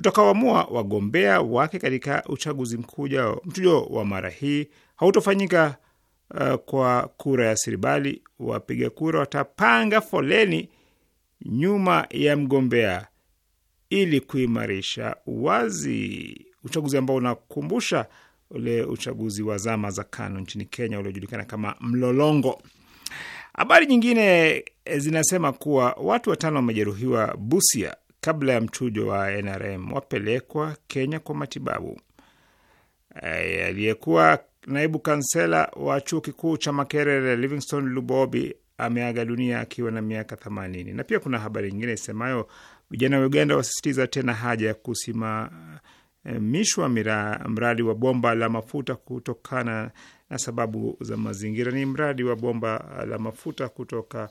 utakaoamua wagombea wake katika uchaguzi mkuu ujao. Mchujo wa mara hii hautofanyika uh, kwa kura ya siri, bali wapiga kura watapanga foleni nyuma ya mgombea ili kuimarisha uwazi. Uchaguzi ambao unakumbusha ule uchaguzi wa zama za KANU nchini Kenya uliojulikana kama mlolongo. Habari nyingine eh, zinasema kuwa watu watano wamejeruhiwa Busia kabla ya mchujo wa NRM wapelekwa Kenya kwa matibabu. Eh, aliyekuwa naibu kansela wa chuo kikuu cha Makerere Livingstone Lubobi ameaga dunia akiwa na miaka 80 Na pia kuna habari nyingine isemayo vijana wa Uganda wasisitiza tena haja ya kusimamishwa mradi wa bomba la mafuta kutokana na sababu za mazingira. Ni mradi wa bomba la mafuta kutoka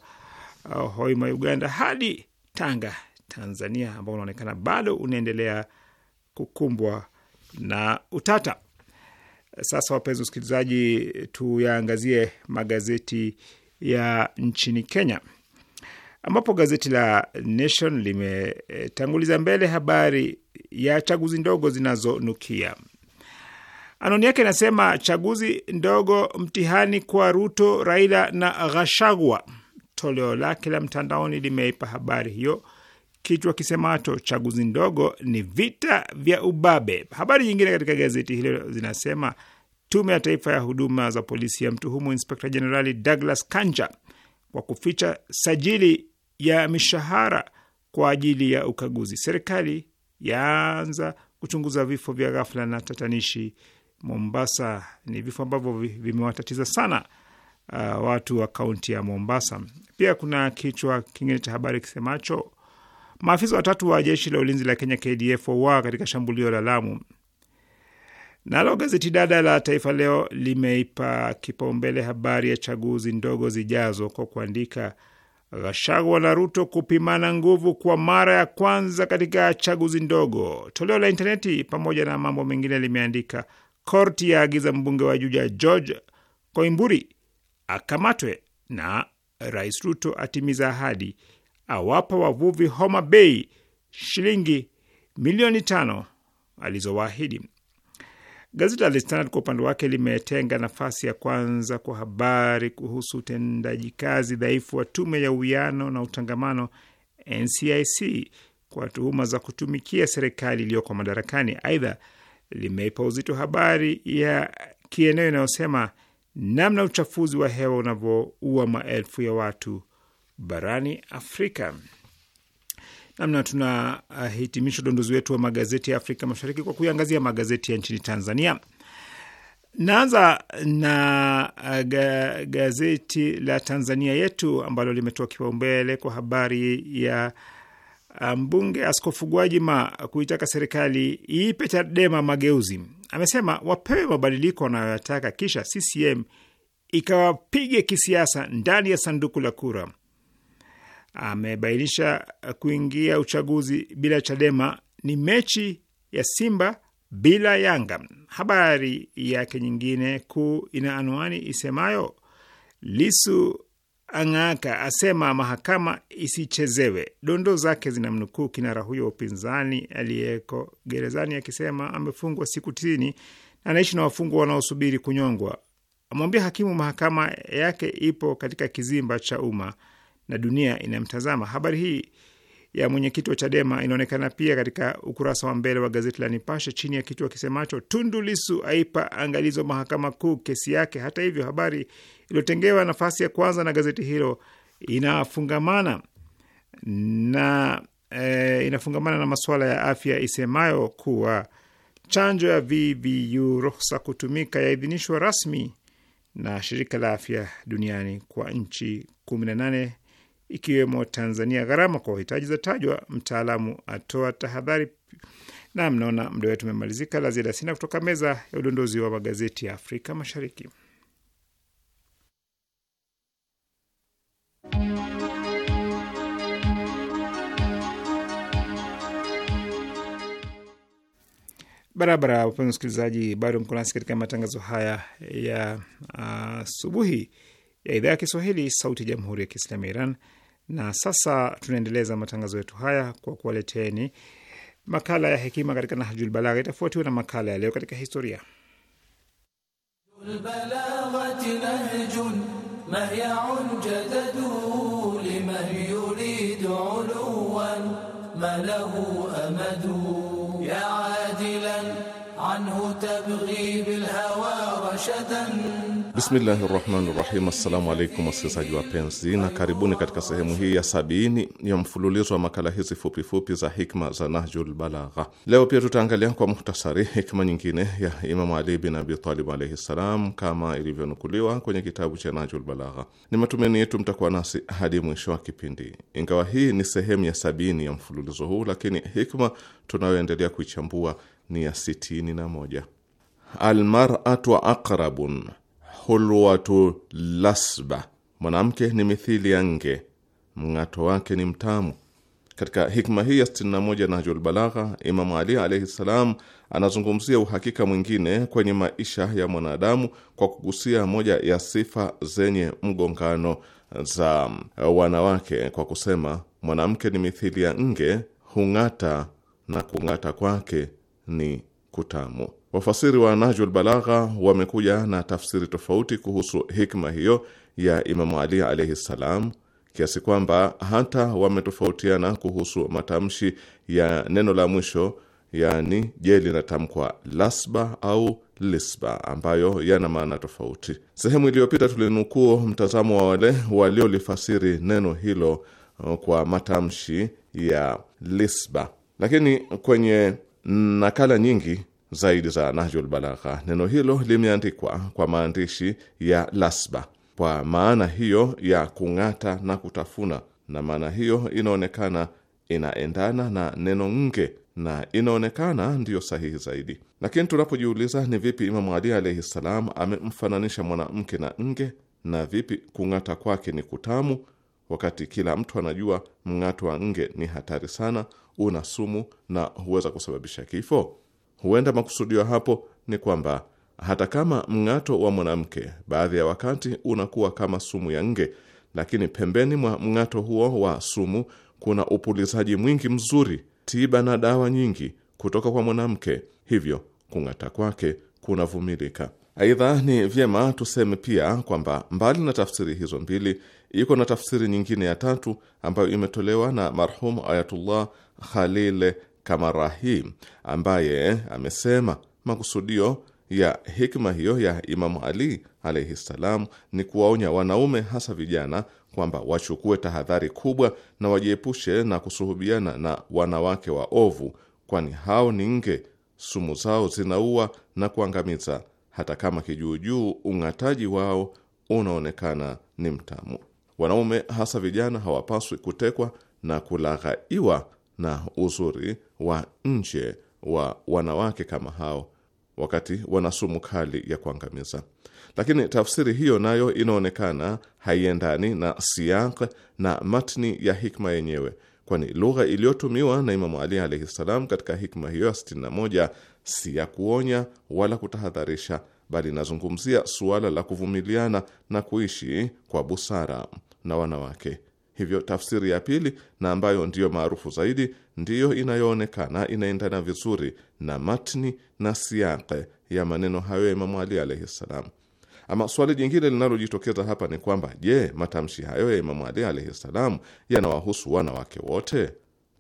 uh, Hoima Uganda hadi Tanga Tanzania, ambao unaonekana bado unaendelea kukumbwa na utata. Sasa wapenzi wasikilizaji, tuyaangazie magazeti ya nchini Kenya, ambapo gazeti la Nation limetanguliza mbele habari ya chaguzi ndogo zinazonukia. anoni yake inasema chaguzi ndogo mtihani kwa Ruto, Raila na Ghashagwa. Toleo lake la mtandaoni limeipa habari hiyo kichwa kisemacho chaguzi ndogo ni vita vya ubabe. Habari nyingine katika gazeti hilo zinasema tume ya taifa ya huduma za polisi ya mtuhumu inspekta jenerali Douglas Kanja kwa kuficha sajili ya mishahara kwa ajili ya ukaguzi. Serikali yaanza kuchunguza vifo vya ghafla na tatanishi Mombasa. Ni vifo ambavyo vimewatatiza sana uh, watu wa kaunti ya Mombasa. Pia kuna kichwa kingine cha habari kisemacho Maafisa watatu wa jeshi la ulinzi la Kenya KDF wa katika shambulio la Lamu. Nalo gazeti dada la Taifa Leo limeipa kipaumbele habari ya chaguzi ndogo zijazo kwa kuandika, Gachagua na Ruto kupimana nguvu kwa mara ya kwanza katika chaguzi ndogo. Toleo la intaneti pamoja na mambo mengine limeandika, korti yaagiza mbunge wa Juja George Koimburi akamatwe na Rais Ruto atimiza ahadi awapa wavuvi Homa Bay shilingi milioni tano alizowaahidi. Gazeti la Standard kwa upande wake limetenga nafasi ya kwanza kwa habari kuhusu utendaji kazi dhaifu wa tume ya uwiano na utangamano NCIC kwa tuhuma za kutumikia serikali iliyoko madarakani. Aidha, limeipa uzito habari ya kieneo inayosema namna uchafuzi wa hewa unavyoua maelfu ya watu barani Afrika. Namna tunahitimisha udondozi wetu wa magazeti ya Afrika Mashariki kwa kuiangazia magazeti ya nchini Tanzania. Naanza na uh, ga gazeti la Tanzania Yetu ambalo limetoa kipaumbele kwa habari ya uh, mbunge Askofu Gwajima kuitaka serikali iipe Chadema mageuzi. Amesema wapewe mabadiliko wanayoyataka, kisha CCM ikawapige kisiasa ndani ya sanduku la kura amebainisha kuingia uchaguzi bila Chadema ni mechi ya Simba bila Yanga. Habari yake nyingine kuu ina anwani isemayo Lisu ang'aka asema mahakama isichezewe. Dondo zake zinamnukuu kinara huyo wa upinzani aliyeko gerezani akisema amefungwa siku tisini na anaishi na wafungwa wanaosubiri kunyongwa. Amwambia hakimu mahakama yake ipo katika kizimba cha umma na dunia inamtazama. Habari hii ya mwenyekiti wa Chadema inaonekana pia katika ukurasa wa mbele wa gazeti la Nipashe chini ya kichwa kisemacho Tundu Lisu aipa angalizo mahakama kuu kesi yake. Hata hivyo, habari iliyotengewa nafasi ya kwanza na gazeti hilo inafungamana na e, inafungamana na masuala ya afya isemayo kuwa chanjo ya VVU ruhusa kutumika yaidhinishwa rasmi na shirika la afya duniani kwa nchi 18 ikiwemo Tanzania. Gharama kwa uhitaji za tajwa, mtaalamu atoa tahadhari. Na mnaona muda wetu umemalizika, la ziada sina kutoka meza ya udondozi wa magazeti ya Afrika Mashariki. Barabara, wapenzi msikilizaji, bado mko nasi katika matangazo haya ya uh, asubuhi uh, ya idhaa ya Kiswahili, Sauti ya Jamhuri ya Kiislamu ya Iran na sasa tunaendeleza matangazo yetu haya kwa kuwaleteni makala ya hekima katika Nahjul Balagha, itafuatiwa na makala ya leo katika historia. Bismillahi rahmani rahim. Assalamu alaikum wasikilizaji wapenzi, na karibuni katika sehemu hii ya sabini ya mfululizo wa makala hizi fupifupi za hikma za Nahjul Balagha. Leo pia tutaangalia kwa muhtasari hikma nyingine ya Imamu Ali bin Abi Talib alaihi ssalam, kama ilivyonukuliwa kwenye kitabu cha Nahjul Balagha. Ni matumaini yetu mtakuwa nasi hadi mwisho wa kipindi. Ingawa hii ni sehemu ya sabini ya mfululizo huu, lakini hikma tunayoendelea kuichambua ni ya sitini na moja. Almaratu aqrabun hulwatu lasba, mwanamke ni mithili ya nge, mng'ato wake ni mtamu. Katika hikma hii ya 61 Nahjul Balagha, Imamu Ali alaihi ssalam anazungumzia uhakika mwingine kwenye maisha ya mwanadamu kwa kugusia moja ya sifa zenye mgongano za wanawake kwa kusema, mwanamke ni mithili ya nge, hung'ata na kung'ata kwake ni kutamu. Wafasiri wa Nahjul Balagha wamekuja na tafsiri tofauti kuhusu hikma hiyo ya Imamu Ali alaihi ssalam, kiasi kwamba hata wametofautiana kuhusu matamshi ya neno la mwisho, yaani je, linatamkwa lasba au lisba, ambayo yana maana tofauti. Sehemu iliyopita tulinukuu mtazamo wa wale waliolifasiri neno hilo kwa matamshi ya lisba, lakini kwenye nakala nyingi zaidi za Nahjul Balagha, neno hilo limeandikwa kwa maandishi ya lasba kwa maana hiyo ya kung'ata na kutafuna, na maana hiyo inaonekana inaendana na neno nge na inaonekana ndiyo sahihi zaidi. Lakini tunapojiuliza ni vipi Imamu Ali alaihi ssalam amemfananisha mwanamke na nge, na vipi kung'ata kwake ni kutamu, wakati kila mtu anajua mng'ato wa nge ni hatari sana, una sumu na huweza kusababisha kifo. Huenda makusudio hapo ni kwamba hata kama mng'ato wa mwanamke baadhi ya wakati unakuwa kama sumu ya nge, lakini pembeni mwa mng'ato huo wa sumu kuna upulizaji mwingi mzuri, tiba na dawa nyingi kutoka kwa mwanamke, hivyo kung'ata kwake kunavumilika. Aidha, ni vyema tuseme pia kwamba mbali na tafsiri hizo mbili, iko na tafsiri nyingine ya tatu ambayo imetolewa na marhum Ayatullah Khalil Rahim ambaye amesema makusudio ya hikma hiyo ya Imamu Ali alaihi ssalam ni kuwaonya wanaume hasa vijana kwamba wachukue tahadhari kubwa na wajiepushe na kusuhubiana na wanawake wa ovu kwani hao ni nge, sumu zao zinaua na kuangamiza, hata kama kijuujuu ung'ataji wao unaonekana ni mtamu. Wanaume hasa vijana hawapaswi kutekwa na kulaghaiwa na uzuri wa nje wa wanawake kama hao wakati wana sumu kali ya kuangamiza. Lakini tafsiri hiyo nayo inaonekana haiendani na siaq na matni ya hikma yenyewe, kwani lugha iliyotumiwa na Imamu Ali alaihi ssalam katika hikma hiyo ya 61 si ya kuonya wala kutahadharisha, bali inazungumzia suala la kuvumiliana na kuishi kwa busara na wanawake. Hivyo tafsiri ya pili na ambayo ndiyo maarufu zaidi ndiyo inayoonekana inaendana vizuri na matni na siaqe ya maneno hayo ya Imamu Ali alaihi ssalam. Ama swali jingine linalojitokeza hapa ni kwamba je, matamshi hayo ya Imamu Ali alaihi ssalam yanawahusu wanawake wote?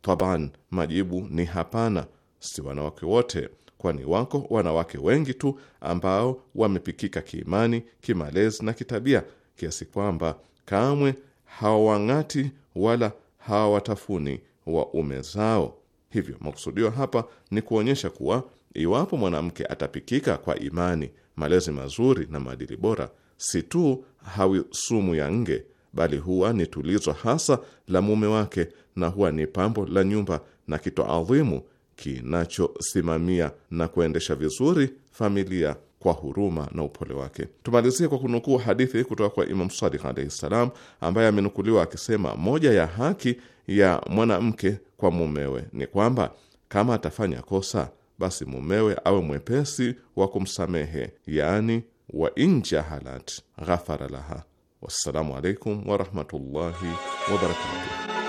Taban, majibu ni hapana, si wanawake wote, kwani wako wanawake wengi tu ambao wamepikika kiimani, kimalezi na kitabia kiasi kwamba kamwe hawang'ati wala hawatafuni waume zao. Hivyo makusudio hapa ni kuonyesha kuwa iwapo mwanamke atapikika kwa imani, malezi mazuri na maadili bora, si tu hawi sumu ya nge, bali huwa ni tulizo hasa la mume wake na huwa ni pambo la nyumba na kitu adhimu kinachosimamia na kuendesha vizuri familia kwa huruma na upole wake. Tumalizie kwa kunukuu hadithi kutoka kwa Imam Sadiq alaihi ssalam, ambaye amenukuliwa akisema, moja ya haki ya mwanamke kwa mumewe ni kwamba kama atafanya kosa, basi mumewe awe mwepesi wa kumsamehe, yaani wa injahalat ghafara laha. Wassalamu alaikum warahmatullahi wabarakatuh.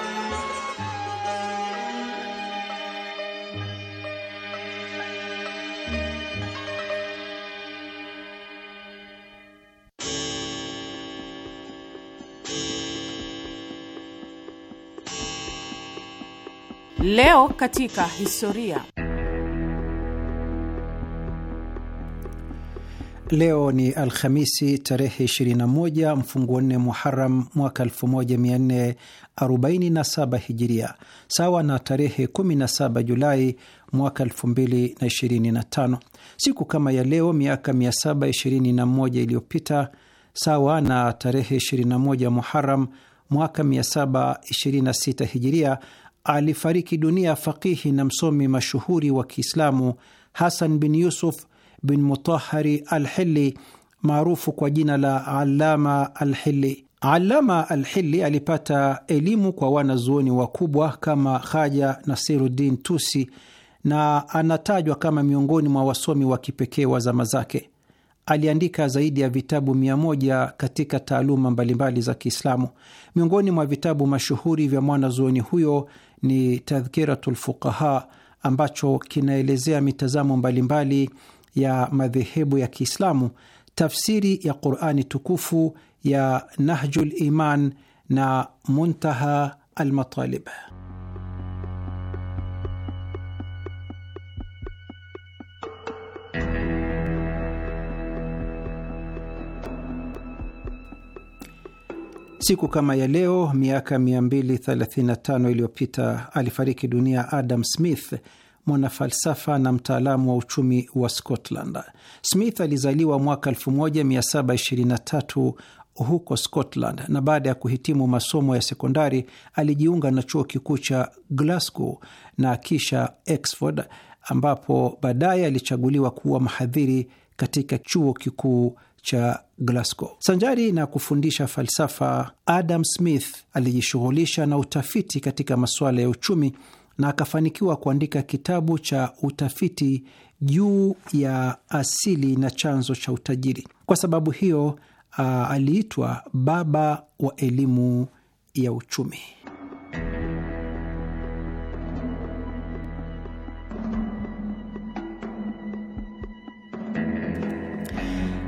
Leo katika historia. Leo ni Alhamisi tarehe 21 mfunguo nne Muharam mwaka 1447 Hijiria, sawa na tarehe 17 Julai mwaka 2025. Siku kama ya leo miaka 721 iliyopita, sawa na tarehe 21 Muharam mwaka 726 Hijiria, alifariki dunia faqihi na msomi mashuhuri wa Kiislamu Hasan bin Yusuf bin Mutahari al hili maarufu kwa jina la Alama hili Alama hili alipata elimu kwa wanazuoni wakubwa kama Haja Nasiruddin Tusi na anatajwa kama miongoni mwa wasomi wa kipekee wa zama zake. Aliandika zaidi ya vitabu mia moja katika taaluma mbalimbali za Kiislamu. Miongoni mwa vitabu mashuhuri vya mwanazuoni huyo ni Tadhkiratu lfuqaha ambacho kinaelezea mitazamo mbalimbali ya madhehebu ya Kiislamu, tafsiri ya Qurani tukufu ya Nahjul Iman na Muntaha Almatalib. Siku kama ya leo miaka 235 iliyopita alifariki dunia Adam Smith, mwanafalsafa na mtaalamu wa uchumi wa Scotland. Smith alizaliwa mwaka 1723 huko Scotland na baada ya kuhitimu masomo ya sekondari alijiunga na chuo kikuu cha Glasgow na kisha Oxford, ambapo baadaye alichaguliwa kuwa mhadhiri katika chuo kikuu cha Glasgow. Sanjari na kufundisha falsafa, Adam Smith alijishughulisha na utafiti katika masuala ya uchumi na akafanikiwa kuandika kitabu cha utafiti juu ya asili na chanzo cha utajiri. Kwa sababu hiyo, aliitwa baba wa elimu ya uchumi.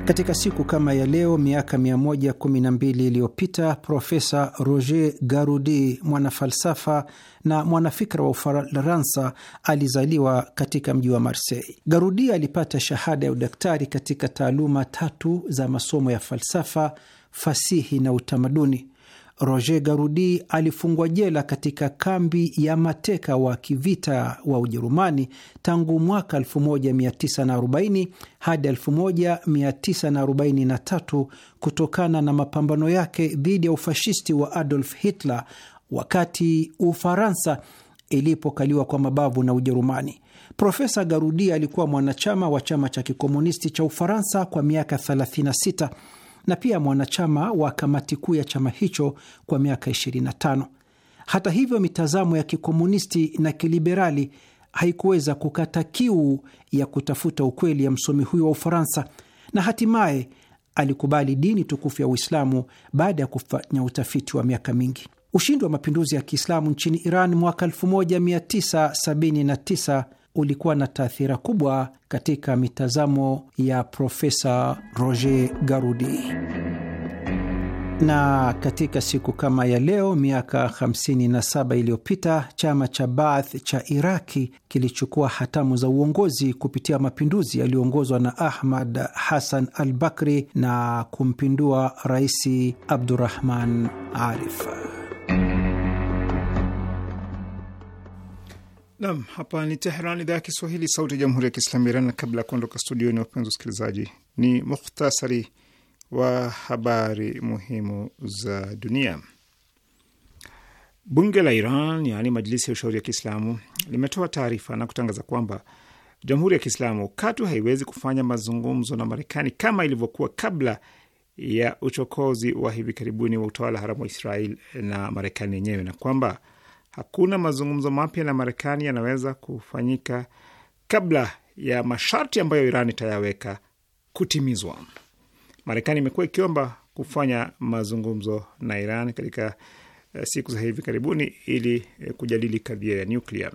Katika siku kama ya leo miaka 112 iliyopita Profesa Roger Garudi, mwanafalsafa na mwanafikra wa Ufaransa, alizaliwa katika mji wa Marseille. Garudi alipata shahada ya udaktari katika taaluma tatu za masomo ya falsafa, fasihi na utamaduni. Roger Garudi alifungwa jela katika kambi ya mateka wa kivita wa Ujerumani tangu mwaka 1940 hadi 1943 kutokana na mapambano yake dhidi ya ufashisti wa Adolf Hitler wakati Ufaransa ilipokaliwa kwa mabavu na Ujerumani. Profesa Garudi alikuwa mwanachama wa chama cha kikomunisti cha Ufaransa kwa miaka 36 na pia mwanachama wa kamati kuu ya chama hicho kwa miaka 25. Hata hivyo, mitazamo ya kikomunisti na kiliberali haikuweza kukata kiu ya kutafuta ukweli ya msomi huyo wa Ufaransa, na hatimaye alikubali dini tukufu ya Uislamu baada ya kufanya utafiti wa miaka mingi. Ushindi wa mapinduzi ya Kiislamu nchini Iran mwaka 1979 ulikuwa na taathira kubwa katika mitazamo ya Profesa Roger Garudi. Na katika siku kama ya leo miaka 57 iliyopita chama cha Baath cha Iraki kilichukua hatamu za uongozi kupitia mapinduzi yaliyoongozwa na Ahmad Hassan al Bakri na kumpindua Rais Abdurahman Arif. Nam, hapa ni Teheran, idhaa ya Kiswahili, sauti ya jamhuri ya kiislamu Iran. Na kabla ya kuondoka studioni, wapenzi wasikilizaji, ni mukhtasari wa habari muhimu za dunia. Bunge la Iran, yaani Majlisi ya Ushauri ya Kiislamu, limetoa taarifa na kutangaza kwamba jamhuri ya Kiislamu katu haiwezi kufanya mazungumzo na Marekani kama ilivyokuwa kabla ya uchokozi wa hivi karibuni wa utawala haramu wa Israel na Marekani yenyewe na kwamba hakuna mazungumzo mapya na Marekani yanaweza kufanyika kabla ya masharti ambayo Iran itayaweka kutimizwa. Marekani imekuwa ikiomba kufanya mazungumzo na Iran katika eh, siku za hivi karibuni ili eh, kujadili kadhia ya nyuklia.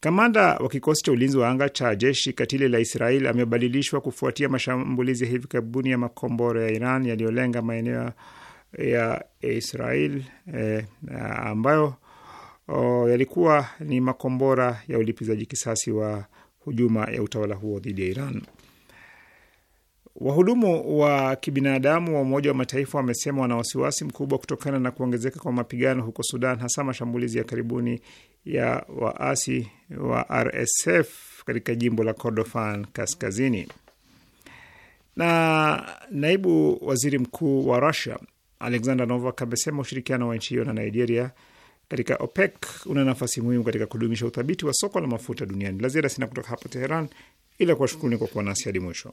Kamanda wa kikosi cha ulinzi wa anga cha jeshi katili la Israel amebadilishwa kufuatia mashambulizi ya hivi karibuni ya makombora ya Iran yaliyolenga maeneo ya Israel eh, ambayo oh, yalikuwa ni makombora ya ulipizaji kisasi wa hujuma ya utawala huo dhidi ya Iran. Wahudumu wa kibinadamu wa Umoja wa Mataifa wamesema wana wasiwasi mkubwa kutokana na kuongezeka kwa mapigano huko Sudan, hasa mashambulizi ya karibuni ya waasi wa RSF katika jimbo la Kordofan Kaskazini. Na naibu waziri mkuu wa Rusia Alexander Novak amesema ushirikiano wa nchi hiyo na Nigeria katika OPEC una nafasi muhimu katika kudumisha uthabiti wa soko la mafuta duniani. La ziada sina kutoka hapa Teheran, ila kuwashukuruni kwa kuwa nasi hadi mwisho